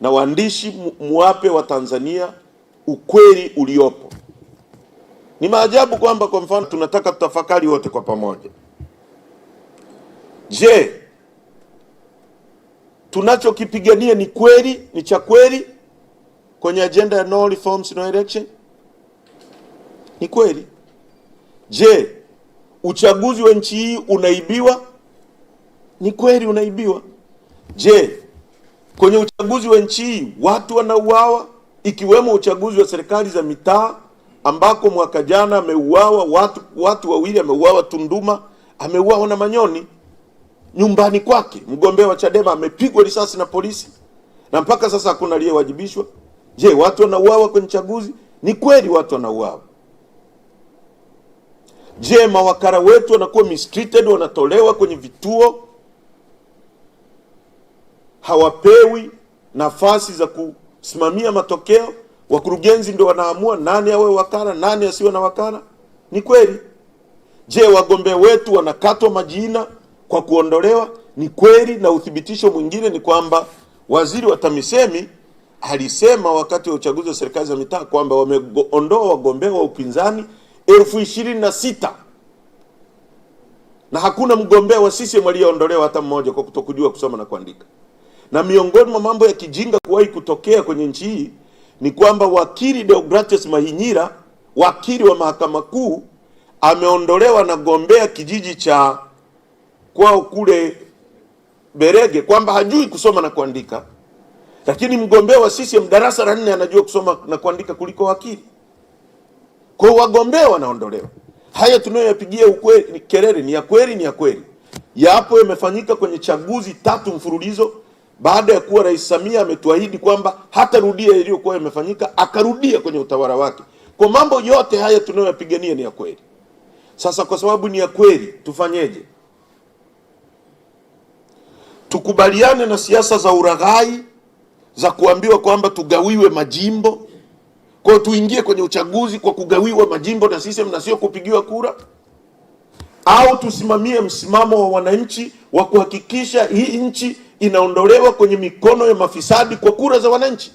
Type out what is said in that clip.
na waandishi muwape wa Tanzania ukweli uliopo. Ni maajabu kwamba kwa mfano tunataka tutafakari wote kwa pamoja. Je, tunachokipigania ni kweli? Ni cha kweli kwenye ajenda ya no reforms no election? Ni kweli? Je, uchaguzi wa nchi hii unaibiwa? Ni kweli unaibiwa. Je, Kwenye uchaguzi wa nchi hii watu wanauawa, ikiwemo uchaguzi wa serikali za mitaa ambako mwaka jana ameuawa watu watu wawili, ameuawa Tunduma, ameuawa na Manyoni nyumbani kwake, mgombea wa Chadema amepigwa risasi na polisi, na mpaka sasa hakuna aliyewajibishwa. Je, watu wanauawa kwenye chaguzi? Ni kweli watu wanauawa. Je, mawakala wetu wanakuwa mistreated, wanatolewa kwenye vituo hawapewi nafasi za kusimamia matokeo. Wakurugenzi ndio wanaamua nani awe wakala, nani asiwe na wakala. Ni kweli. Je, wagombea wetu wanakatwa majina kwa kuondolewa? Ni kweli. Na uthibitisho mwingine ni kwamba waziri wa TAMISEMI alisema wakati wa uchaguzi wa serikali za mitaa kwamba wameondoa wagombea wa upinzani elfu ishirini na sita na hakuna mgombea wa CCM aliyeondolewa hata mmoja kwa kutokujua kusoma na kuandika. Na miongoni mwa mambo ya kijinga kuwahi kutokea kwenye nchi hii ni kwamba wakili Deogratius Mahinyira, wakili wa mahakama kuu, ameondolewa na gombea kijiji cha kwao kule Berege kwamba hajui kusoma na kuandika, lakini mgombea wa CCM darasa la nne anajua kusoma na kuandika kuliko wakili. Kwa wagombea wanaondolewa. Haya tunayoyapigia ukweli kelele ni ya kweli, ni ya kweli, yapo yamefanyika kwenye chaguzi tatu mfululizo baada ya kuwa Rais Samia ametuahidi kwamba hatarudia iliyokuwa imefanyika, akarudia kwenye utawala wake. Kwa mambo yote haya tunayoyapigania ni ya kweli. Sasa kwa sababu ni ya kweli, tufanyeje? Tukubaliane na siasa za uraghai za kuambiwa kwamba tugawiwe majimbo, kwa tuingie kwenye uchaguzi kwa kugawiwa majimbo na sisi na sio kupigiwa kura, au tusimamie msimamo wa wananchi wa kuhakikisha hii nchi inaondolewa kwenye mikono ya mafisadi kwa kura za wananchi.